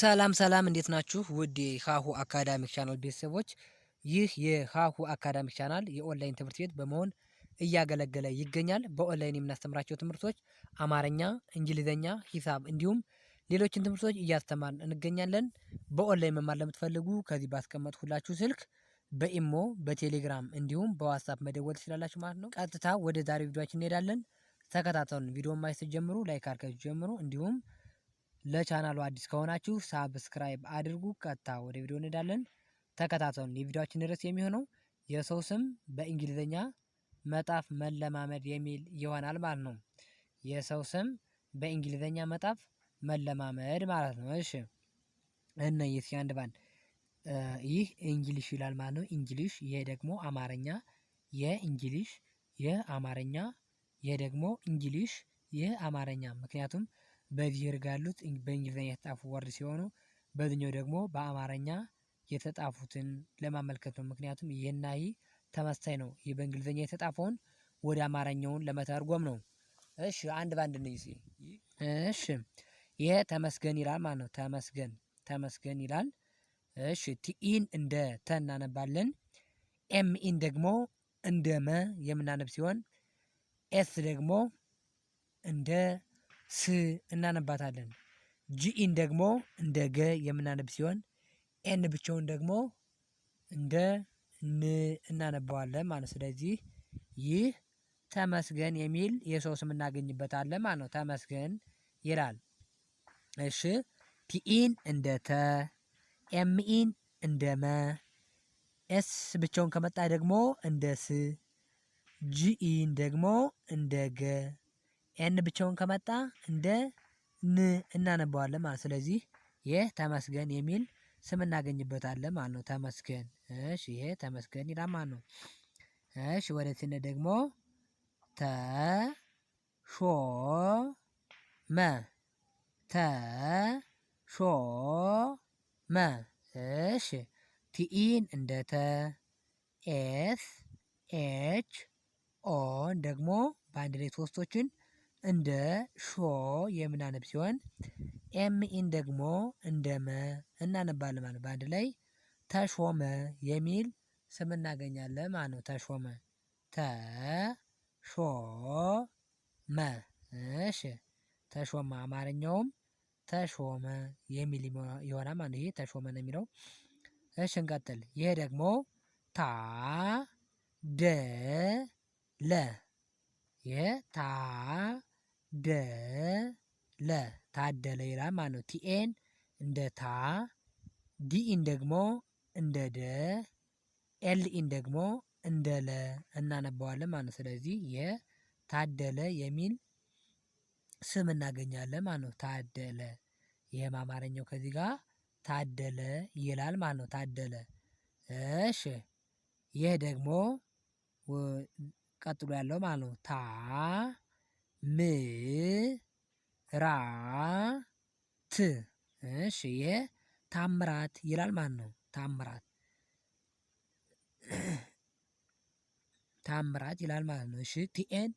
ሰላም ሰላም፣ እንዴት ናችሁ? ውድ የሀሁ አካዳሚክ ቻናል ቤተሰቦች፣ ይህ የሀሁ አካዳሚክ ቻናል የኦንላይን ትምህርት ቤት በመሆን እያገለገለ ይገኛል። በኦንላይን የምናስተምራቸው ትምህርቶች አማርኛ፣ እንግሊዘኛ ሂሳብ እንዲሁም ሌሎችን ትምህርቶች እያስተማርን እንገኛለን። በኦንላይን መማር ለምትፈልጉ ከዚህ ባስቀመጥሁላችሁ ስልክ በኢሞ በቴሌግራም እንዲሁም በዋትሳፕ መደወል ትችላላችሁ ማለት ነው። ቀጥታ ወደ ዛሬ ቪዲዮችን እንሄዳለን። ተከታተሉን። ቪዲዮ ማየት ጀምሩ፣ ላይክ አድርጋችሁ ጀምሩ። እንዲሁም ለቻናሉ አዲስ ከሆናችሁ ሳብስክራይብ አድርጉ። ቀጥታ ወደ ቪዲዮ እንሄዳለን። ተከታተሉን። የቪዲዮችን ርዕስ የሚሆነው የሰው ስም በእንግሊዝኛ መጣፍ መለማመድ የሚል ይሆናል ማለት ነው። የሰው ስም በእንግሊዝኛ መጣፍ መለማመድ ማለት ነው። እሺ እነ የዚህ አንድ ባንድ ይህ እንግሊሽ ይላል ማለት ነው። እንግሊሽ ይሄ ደግሞ አማርኛ የእንግሊሽ የአማርኛ ይሄ ደግሞ እንግሊሽ የአማርኛ ምክንያቱም በዚህ ጋሉት ያሉት በእንግሊዝኛ የተጻፉ ወርድ ሲሆኑ በዚህኛው ደግሞ በአማርኛ የተጻፉትን ለማመልከት ነው። ምክንያቱም ይህና ይህ ተመሳሳይ ነው። ይህ በእንግሊዝኛ የተጻፈውን ወደ አማርኛውን ለመተርጎም ነው። እሺ አንድ ባንድ ነው። እሺ ይሄ ተመስገን ይላል ማለት ነው። ተመስገን ተመስገን ይላል። እሺ ቲኢን እንደ ተ እናነባለን። ኢን ደግሞ እንደ መ የምናነብ ሲሆን ኤስ ደግሞ እንደ ስ እናነባታለን። ጂኢን ደግሞ እንደ ገ የምናነብ ሲሆን ኤን ብቻውን ደግሞ እንደ ን እናነባዋለን ማለት። ስለዚህ ይህ ተመስገን የሚል የሰው ስም እናገኝበታለን ማለት ነው። ተመስገን ይላል። እሺ ቲኢን እንደ ተ፣ ኤምኢን እንደ መ፣ ኤስ ብቻውን ከመጣ ደግሞ እንደ ስ፣ ጂኢን ደግሞ እንደ ገ ኤን ብቻውን ከመጣ እንደ ን እናነባዋለን ማለት ስለዚህ ይህ ተመስገን የሚል ስም እናገኝበታለን ማለት ነው። ተመስገን እሺ፣ ይሄ ተመስገን ይላል ማለት ነው። እሺ፣ ወደ ትነ ደግሞ ተ ሾ መ ተ ሾ መ እሺ፣ ቲኢን እንደ ተ ኤስ ኤች ኦን ደግሞ በአንድ ላይ ሶስቶችን እንደ ሾ የምናነብ ሲሆን ኤምኢን ደግሞ እንደ መ እናነባለን ማለት በአንድ ላይ ተሾመ የሚል ስም እናገኛለን ማለት ነው። ተሾመ ተሾመ እሺ ተሾመ አማርኛውም ተሾመ የሚል ይሆናል ማለት ነው። ይሄ ተሾመ ነው የሚለው። እሺ እንቀጥል። ይሄ ደግሞ ታደለ ይሄ ታ ደ ለ ታደለ ይላል ማለት ነው። ቲኤን እንደ ታ ዲኢን ደግሞ እንደ ደ ኤልኢን ደግሞ እንደ ለ እናነባዋለን ማለት ነው። ስለዚህ የታደለ የሚል ስም እናገኛለን ማለት ነው። ታደለ ይህም አማርኛው ከዚህ ጋር ታደለ ይላል ማለት ነው። ታደለ እሺ። ይህ ደግሞ ቀጥሎ ያለው ማለት ነው ታ ም ራ ት እሺ ይሄ ታምራት ይላል ማለት ነው። ታምራት ታምራት ይላል ማለት ነው። እሺ ቲኤን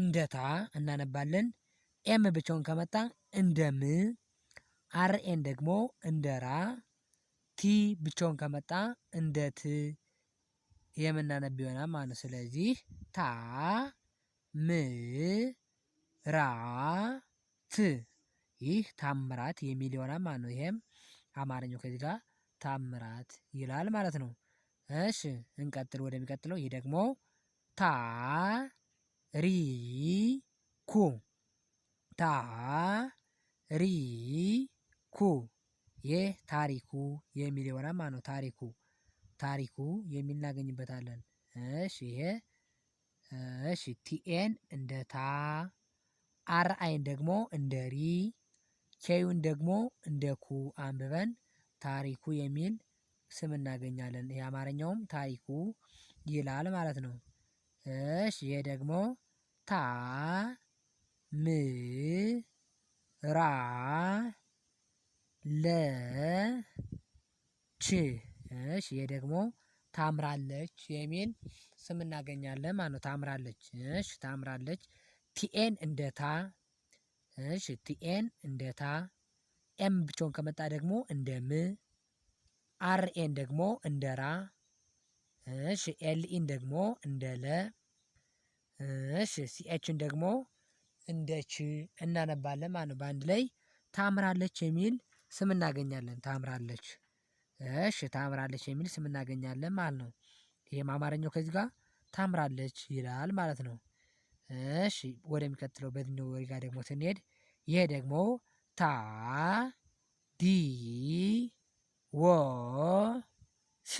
እንደ ታ እናነባለን። ኤም ብቻውን ከመጣ እንደ ም፣ አርኤን ደግሞ እንደ ራ፣ ቲ ብቻውን ከመጣ እንደ ት የምናነብ ይሆናል ማለት ነው። ስለዚህ ታ ም ራት ይህ ታምራት የሚል ይሆናል ነው። ይሄም አማርኛው ከዚህ ጋር ታምራት ይላል ማለት ነው። እሺ እንቀጥል ወደሚቀጥለው። ይህ ደግሞ ታ ሪ ኩ ታ ሪ ኩ ይህ ታሪኩ የሚል ይሆናል ነው። ታሪኩ ታሪኩ የሚል እናገኝበታለን። እሺ ይሄ እሺ ቲኤን እንደ ታ አር አይን ደግሞ እንደ ሪ ኬዩን ደግሞ እንደ ኩ አንብበን ታሪኩ የሚል ስም እናገኛለን። የአማርኛውም ታሪኩ ይላል ማለት ነው። እሽ ይሄ ደግሞ ታ ም ራ ለ ች እሽ ይሄ ደግሞ ታምራለች የሚል ስም እናገኛለን ማለት ነው። ታምራለች እሽ ታምራለች ቲኤን እንደ ታ እሺ ቲኤን እንደ ታ ኤም ብቻውን ከመጣ ደግሞ እንደ ም አርኤን ደግሞ እንደ ራ እሺ ኤልኢን ደግሞ እንደ ለ እሺ ሲኤችን ደግሞ እንደ ች እናነባለን ማለት ነው። በአንድ ላይ ታምራለች የሚል ስም እናገኛለን። ታምራለች እሺ ታምራለች የሚል ስም እናገኛለን ማለት ነው። ይህም አማርኛው ከዚህ ጋር ታምራለች ይላል ማለት ነው። እሺ ወደሚቀጥለው በዚህኛው ወሬ ጋር ደግሞ ስንሄድ ይሄ ደግሞ ታ ዲ ወ ስ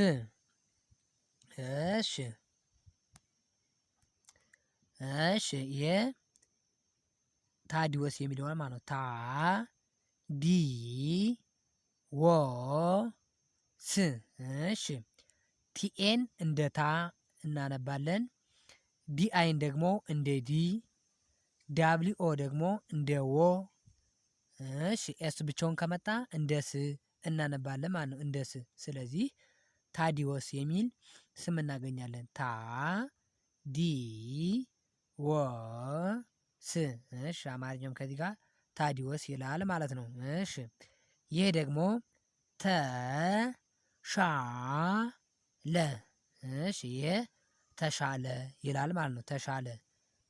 እሺ እሺ ይሄ ታዲወስ የሚለውን ማለት ነው። ታ ዲ ወ ስ እሺ ቲኤን እንደ ታ እናነባለን። ዲአይን ደግሞ እንደ ዲ፣ ዳብሊኦ ደግሞ እንደ ወ፣ እሺ ኤስ ብቻውን ከመጣ እንደ ስ እናነባለን ማለት ነው፣ እንደ ስ። ስለዚህ ታዲዎስ የሚል ስም እናገኛለን። ታ ዲ ወ ስ። እሺ አማርኛውም ከዚህ ጋር ታዲዎስ ይላል ማለት ነው። እሺ ይህ ደግሞ ተሻለ። እሺ ይሄ ተሻለ ይላል ማለት ነው። ተሻለ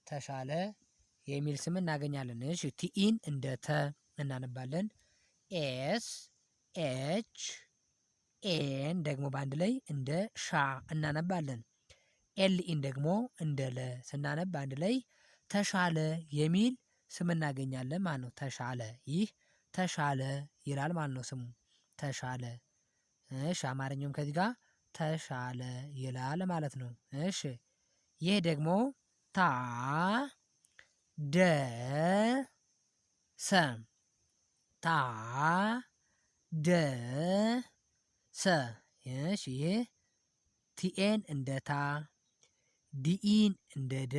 ተሻለ የሚል ስም እናገኛለን። እሺ ቲኢን እንደ ተ እናነባለን። ኤስ ኤች ኤን ደግሞ በአንድ ላይ እንደ ሻ እናነባለን። ኤልኢን ደግሞ እንደ ለ ስናነብ በአንድ ላይ ተሻለ የሚል ስም እናገኛለን ማለት ነው። ተሻለ ይህ ተሻለ ይላል ማለት ነው ስሙ ተሻለ። እሺ አማርኛውም ከዚህ ጋር ተሻለ ይላል ማለት ነው። እሺ ይህ ደግሞ ታ ደ ታ ደ ሰ እሺ ይህ ቲኤን እንደ ታ ዲኢን እንደ ደ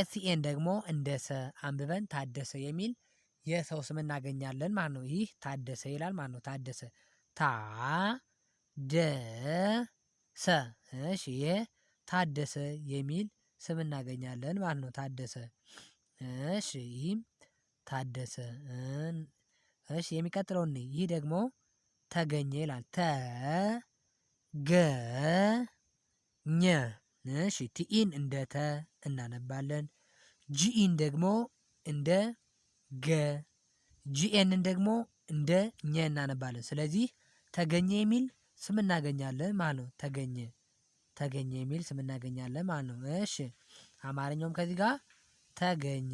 ኤስኤን ደግሞ እንደ ሰ አንብበን ታደሰ የሚል የሰው ስም እናገኛለን ማለት ነው። ይህ ታደሰ ይላል ማለት ነው። ታደሰ ታ ደሰ እሺ ይሄ ታደሰ የሚል ስም እናገኛለን ማለት ነው። ታደሰ እሺ ይህም ታደሰ እሺ የሚቀጥለው እንይ። ይህ ደግሞ ተገኘ ይላል። ተ ገ ኘ እሺ ቲኢን እንደ ተ እናነባለን። ጂኢን ደግሞ እንደ ገ ጂኤንን ደግሞ እንደ ኘ እናነባለን። ስለዚህ ተገኘ የሚል ስም እናገኛለን ማለት ነው። ተገኘ ተገኘ የሚል ስም እናገኛለን ማለት ነው። እሺ አማርኛውም ከዚህ ጋር ተገኘ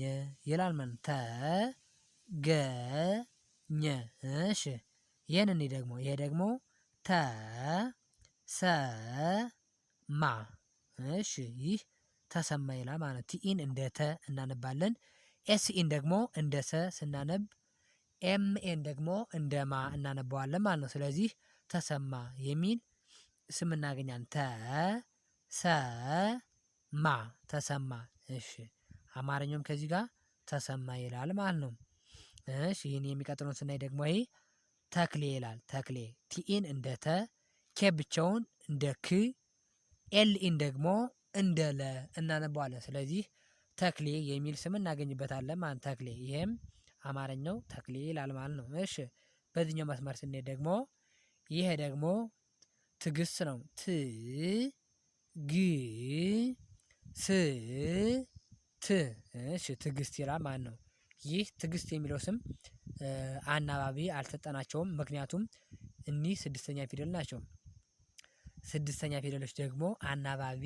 ይላል ማለት ነው። ተገኘ እሺ ይህን እኔ ደግሞ ይሄ ደግሞ ተሰማ እሺ ይህ ተሰማ ይላል ማለት ነው። ቲኢን እንደ ተ እናነባለን። ኤስኢን ደግሞ እንደ ሰ ስናነብ ኤምኤን ደግሞ እንደ ማ እናነባዋለን ማለት ነው። ስለዚህ ተሰማ የሚል ስም እናገኛለን። ተሰማ ተሰማ። እሺ አማርኛውም ከዚህ ጋር ተሰማ ይላል ማለት ነው። እሺ ይህን የሚቀጥለውን ስናይ ደግሞ ይሄ ተክሌ ይላል። ተክሌ ቲኢን እንደ ተ፣ ኬ ብቻውን እንደ ክ፣ ኤልኢን ደግሞ እንደ ለ እናነባዋለን። ስለዚህ ተክሌ የሚል ስም እናገኝበታለን ማለት ተክሌ። ይህም አማርኛው ተክሌ ይላል ማለት ነው። እሺ በዚህኛው መስመር ስንሄድ ደግሞ ይሄ ደግሞ ትዕግስት ነው። ት ግ ስ ት እሺ፣ ትግስት ይላል ማለት ነው። ይህ ትግስት የሚለው ስም አናባቢ አልሰጠናቸውም፣ ምክንያቱም እኒህ ስድስተኛ ፊደል ናቸው። ስድስተኛ ፊደሎች ደግሞ አናባቢ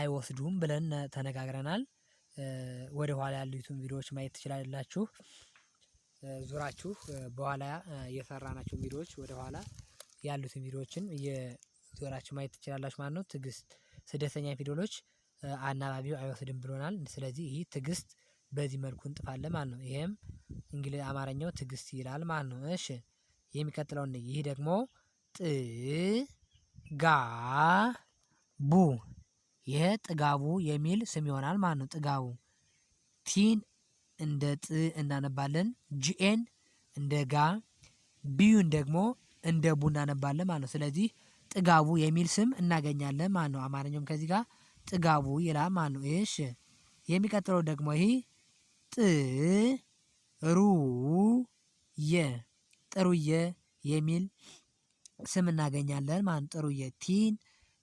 አይወስዱም ብለን ተነጋግረናል። ወደ ኋላ ያሉትን ቪዲዮዎች ማየት ትችላላችሁ። ዙራችሁ በኋላ የሰራናቸውን ቪዲዮዎች ወደ ኋላ ያሉትን ቪዲዮዎችን እየዞራችሁ ማየት ትችላላችሁ ማለት ነው። ትዕግስት ስደተኛ ፊደሎች አናባቢው አይወስድም ብሎናል። ስለዚህ ይህ ትዕግስት በዚህ መልኩ እንጥፋለን ማለት ነው። ይህም እንግሊዝ አማርኛው ትዕግስት ይላል ማለት ነው። እሺ የሚቀጥለውን ይህ ደግሞ ጥ ጋ ቡ ይሄ ጥጋቡ የሚል ስም ይሆናል ማለት ነው። ጥጋቡ ቲን እንደ ጥ እናነባለን። ጂኤን እንደ ጋ ቢዩን ደግሞ እንደ ቡ እናነባለን ማለት ነው። ስለዚህ ጥጋቡ የሚል ስም እናገኛለን ማለት ነው። አማርኛውም ከዚህ ጋር ጥጋቡ ይላል ማለት ነው። እሺ የሚቀጥለው ደግሞ ይሄ ጥ ሩ የ ጥሩየ የሚል ስም እናገኛለን ማለት ነው። ጥሩየ ቲን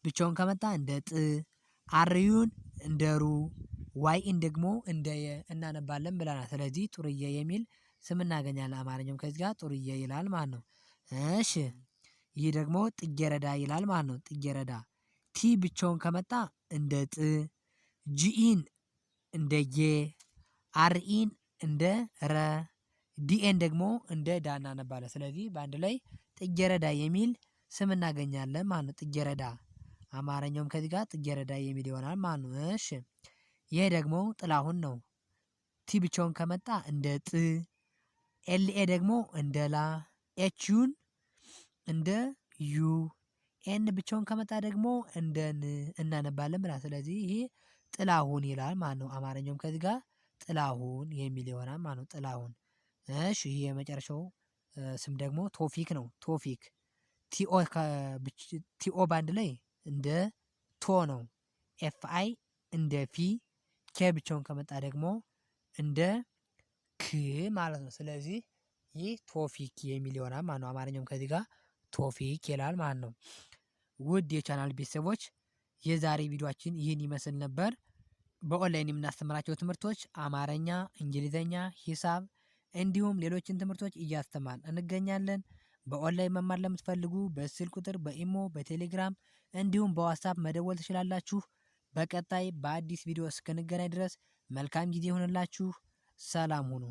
ብቻውን ከመጣ እንደ ጥ፣ አርዩን እንደ ሩ፣ ዋይን ደግሞ እንደ የ እናነባለን ብለናል። ስለዚህ ጥሩየ የሚል ስም እናገኛለን። አማርኛውም ከዚህ ጋር ጥሩየ ይላል ማለት ነው። እሺ ይህ ደግሞ ጥጌረዳ ይላል ማለት ነው። ጥጌረዳ ቲ ብቻውን ከመጣ እንደ ጥ፣ ጂኢን እንደ ጌ፣ አርኢን እንደ ረ፣ ዲኤን ደግሞ እንደ ዳ እናነባለን። ስለዚህ በአንድ ላይ ጥጌረዳ የሚል ስም እናገኛለን ማለት ነው። ጥጌረዳ አማርኛውም ከዚህ ጋር ጥጌረዳ የሚል ይሆናል ማለት ነው። እሺ ይሄ ደግሞ ጥላሁን ነው። ቲ ብቻውን ከመጣ እንደ ጥ፣ ኤልኤ ደግሞ እንደ ላ፣ ኤችዩን እንደ ዩ ኤን ብቻውን ከመጣ ደግሞ እንደ ን እናነባለን ብላ ስለዚህ ይሄ ጥላሁን ይላል ማለት ነው። አማርኛውም ከዚህ ጋር ጥላሁን የሚል ይሆናል ማለት ነው። ጥላሁን። እሺ ይሄ የመጨረሻው ስም ደግሞ ቶፊክ ነው። ቶፊክ ቲኦ ባንድ ላይ እንደ ቶ ነው። ኤፍ አይ እንደ ፊ፣ ኬ ብቻውን ከመጣ ደግሞ እንደ ክ ማለት ነው። ስለዚህ ይህ ቶፊክ የሚል ይሆናል ማለት ነው። አማርኛውም ከዚህ ጋር ቶፊክ ይላል ማለት ነው። ውድ የቻናል ቤተሰቦች የዛሬ ቪዲዮችን ይህን ይመስል ነበር። በኦንላይን የምናስተምራቸው ትምህርቶች አማረኛ፣ እንግሊዘኛ፣ ሂሳብ እንዲሁም ሌሎችን ትምህርቶች እያስተማር እንገኛለን። በኦንላይን መማር ለምትፈልጉ በስልክ ቁጥር በኢሞ በቴሌግራም እንዲሁም በዋትሳፕ መደወል ትችላላችሁ። በቀጣይ በአዲስ ቪዲዮ እስክንገናኝ ድረስ መልካም ጊዜ ይሆንላችሁ። ሰላም ሁኑ።